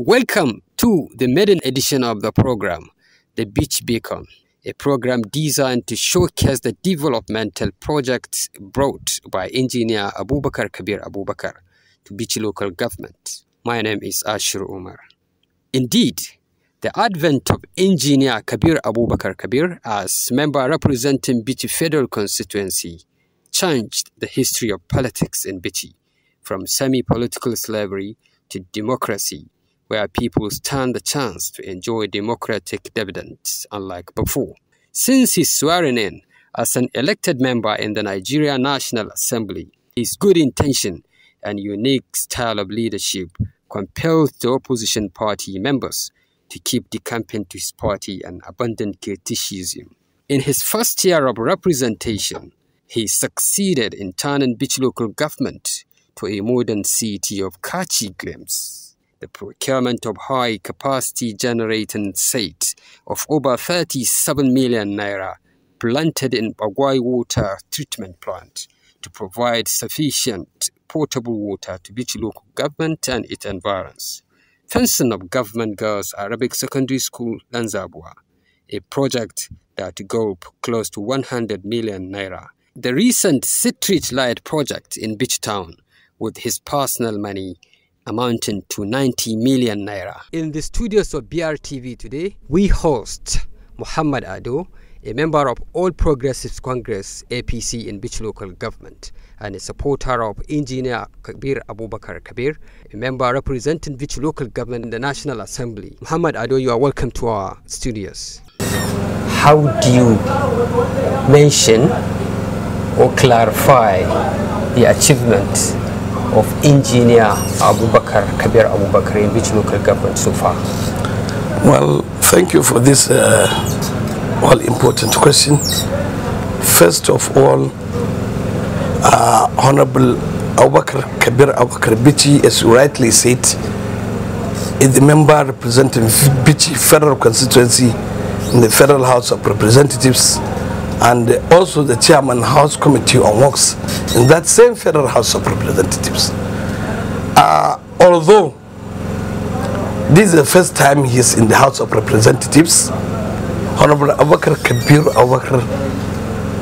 Welcome to the maiden edition of the program, The Beach Beacon, a program designed to showcase the developmental projects brought by engineer Abubakar Kabir Abubakar to Beach local government. My name is Ashur Umar. Indeed, the advent of engineer Kabir Abubakar Kabir as member representing Bichi Federal Constituency changed the history of politics in Bichi from semi-political slavery to democracy where people stand a chance to enjoy democratic dividends, unlike before. Since his swearing in as an elected member in the Nigeria National Assembly, his good intention and unique style of leadership compelled the opposition party members to keep the campaign to his party and abandon criticism. In his first year of representation, he succeeded in turning Beach local government to a modern city of Kachi glimpse the procurement of high capacity generating sites of over 37 million naira planted in Bagwai Water Treatment Plant to provide sufficient potable water to each local government and its environs. Fencing of Government Girls Arabic Secondary School, Lanzabwa, a project that gulp close to 100 million naira. The recent Citrate Light project in Beach Town with his personal money amounting to 90 million naira. In the studios of BRTV today, we host Muhammad Ado, a member of All Progressives Congress APC in Beach Local Government and a supporter of Engineer Kabir Abubakar Kabir, a member representing Beach Local Government in the National Assembly. Muhammad Ado, you are welcome to our studios. How do you mention or clarify the achievement of Engineer Abubakar Kabir Abubakar in which local government so far? Well, thank you for this uh, all important question. First of all, uh, Honorable Abubakar Kabir Abubakar Bichi, as you rightly said, is the member representing Bichi Federal Constituency in the Federal House of Representatives and also the chairman House Committee on Works in that same Federal House of Representatives. Uh, although this is the first time he's in the House of Representatives, Honorable Abakar Kabir Abakar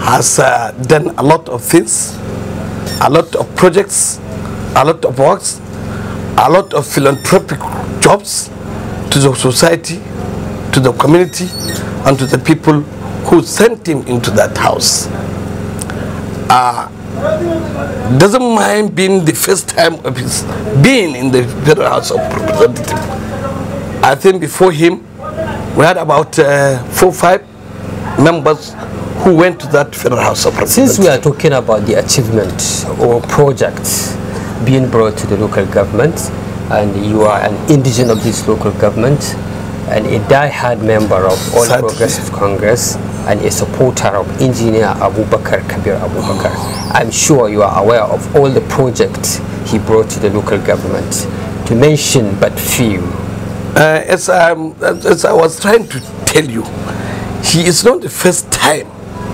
has uh, done a lot of things, a lot of projects, a lot of works, a lot of philanthropic jobs to the society, to the community, and to the people who sent him into that house uh, doesn't mind being the first time of his being in the federal house of representatives. I think before him, we had about uh, four five members who went to that federal house of representatives. Since we are talking about the achievement or project being brought to the local government, and you are an indigen of this local government, and a die-hard member of All Sadly. Progressive Congress, and a supporter of engineer Abu Bakr Kabir Abu Bakr. I'm sure you are aware of all the projects he brought to the local government, to mention but few. Uh, as, um, I was trying to tell you, he is not the first time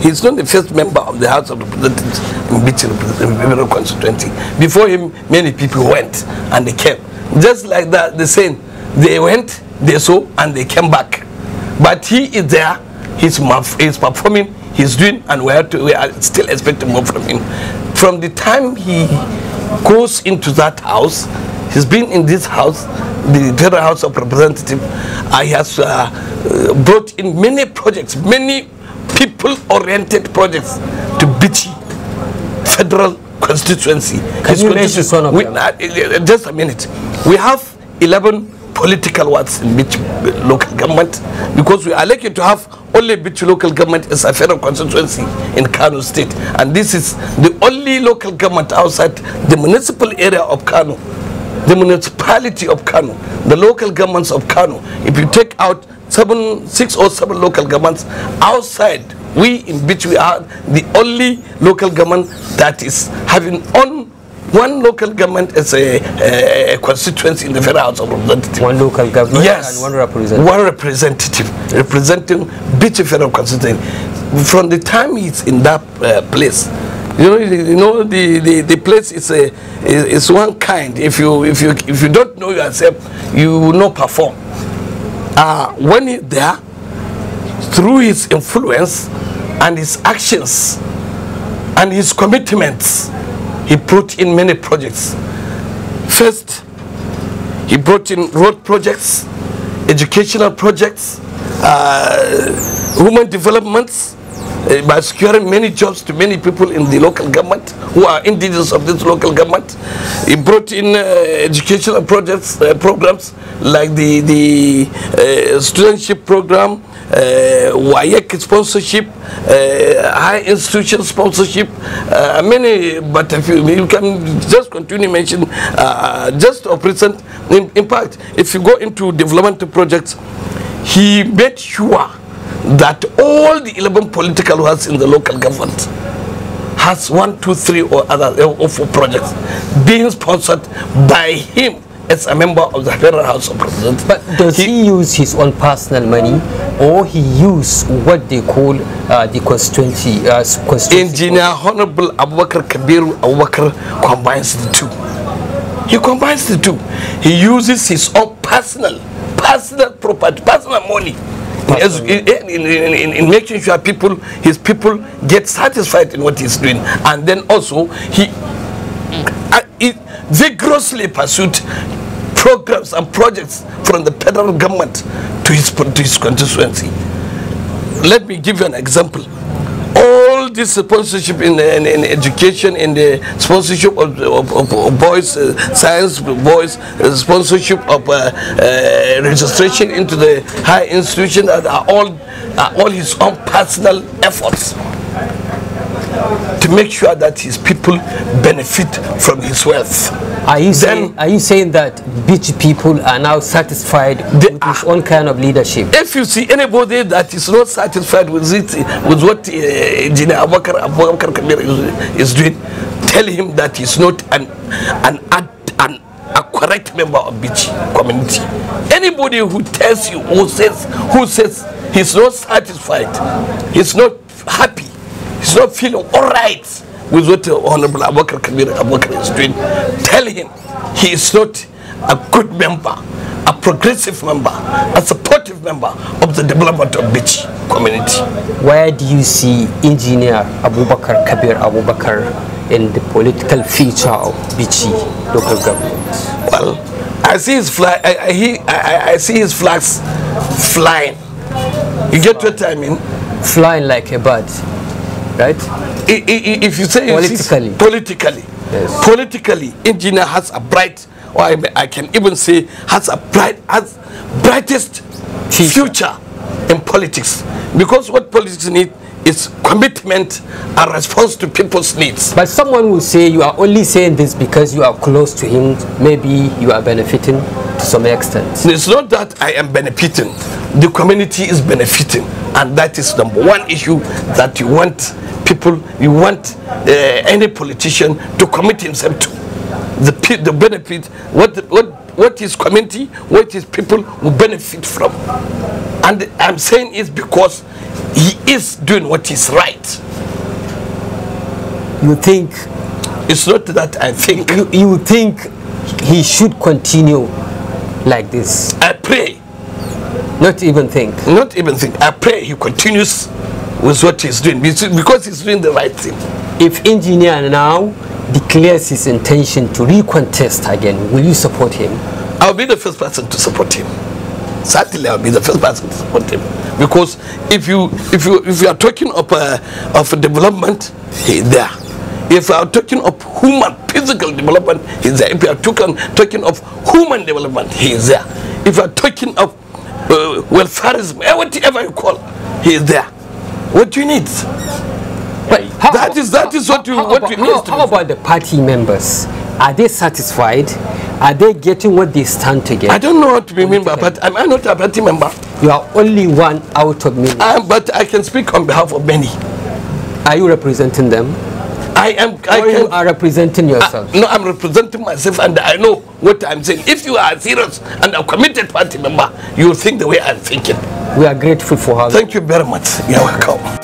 He's not the first member of the House of Representatives in Bichi constituency. Before him, many people went and they came. Just like that, the same. They went, they saw, and they came back. But he is there He's, he's performing, he's doing, and we, have to, we are still expecting more from him. From the time he goes into that house, he's been in this house, the Federal House of Representatives, uh, he has uh, brought in many projects, many people-oriented projects to Bichi federal constituency. Can you constituency, one of we, uh, uh, just a minute. We have 11 political wards in Bichi uh, local government because we are lucky to have only Bichi local government is a federal constituency in Kano state. And this is the only local government outside the municipal area of Kano. The municipality of Kano, the local governments of Kano. If you take out seven, six or seven local governments outside, we in we are the only local government that is having on one local government is a, a, constituency in the Federal House of Representatives. One local government yes, and one representative. One representative representing each federal constituency. From the time he's in that uh, place, you know, you know the, the, the place is a is, is one kind. If you if you if you don't know yourself, you will not perform. Uh, when he's there, through his influence and his actions and his commitments, he brought in many projects. First, he brought in road projects, educational projects, uh, women developments, uh, by securing many jobs to many people in the local government who are indigenous of this local government. He brought in uh, educational projects, uh, programs like the, the uh, studentship program, uh, sponsorship, uh, high institution sponsorship, uh, many, but if you, you, can just continue mention uh, just of recent impact. If you go into development projects, he made sure that all the 11 political words in the local government has one, two, three or other or four projects being sponsored by him as a member of the Federal House of Representatives. But does he, he, use his own personal money or he use what they call uh, the constituency, uh, constituency? Engineer Honorable Abubakar Kabiru Abubakar combines the two. He combines the two. He uses his own personal, personal property, personal money in, in, making sure people, his people get satisfied in what he's doing. And then also, he, uh, he vigorously pursued programs and projects from the federal government to his, to his constituency. Let me give you an example this sponsorship in, in, in education, in the sponsorship of, of, of, of boys, uh, science boys, uh, sponsorship of uh, uh, registration into the high institution are all, are all his own personal efforts to make sure that his people benefit from his wealth. Are you, then, saying, are you saying that rich people are now satisfied with are, his own kind of leadership? If you see anybody that is not satisfied with it, with what Engineer uh, Abubakar, is, is doing, tell him that he's not an, an, an a correct member of Bichi community. Anybody who tells you, who says, who says he's not satisfied, he's not happy, he's not feeling all right with what uh, Honorable Abubakar Kabir Abubakar is doing, tell him he is not a good member, a progressive member, a supportive member of the development of Bichi community. Where do you see engineer Abubakar Kabir Abubakar in the political future of Bichi local government? Well, I see his flag. I, I, he, I, I see his flags flying. You get what I mean? Flying like a bird right? If you say politically, politically, yes. politically, engineer has a bright, or I, I can even say has a bright, has brightest future in politics, because what politics need is commitment and response to people's needs. But someone will say you are only saying this because you are close to him. Maybe you are benefiting to some extent. It's not that I am benefiting. The community is benefiting. And that is number one issue that you want people, you want uh, any politician to commit himself to. The, the benefit, what, what, what is community, What is people will benefit from. And I'm saying it's because he is doing what is right. You think? It's not that I think. You, you think he should continue like this? I pray. Not even think. Not even think. I pray he continues with what he's doing because he's doing the right thing. If engineer now declares his intention to recontest again, will you support him? I'll be the first person to support him. Certainly, I'll be the first person to support him because if you if you if you are talking of uh, of development, he's there. If you are talking of human physical development, he's there. If you are talking talking of human development, he's there. If you are talking of uh, welfareism, eh, whatever you call, he's there. What do you need? But that is that is what you how, what about, you how about the party members? Are they satisfied? Are they getting what they stand to get? I don't know what to be member, but am I not a party member? You are only one out of me. Um, but I can speak on behalf of many. Are you representing them? I am. I or can, you are representing yourself. I, no, I'm representing myself, and I know what I'm saying. If you are serious and a committed party member, you will think the way I'm thinking. We are grateful for having. Thank you very much. You're welcome.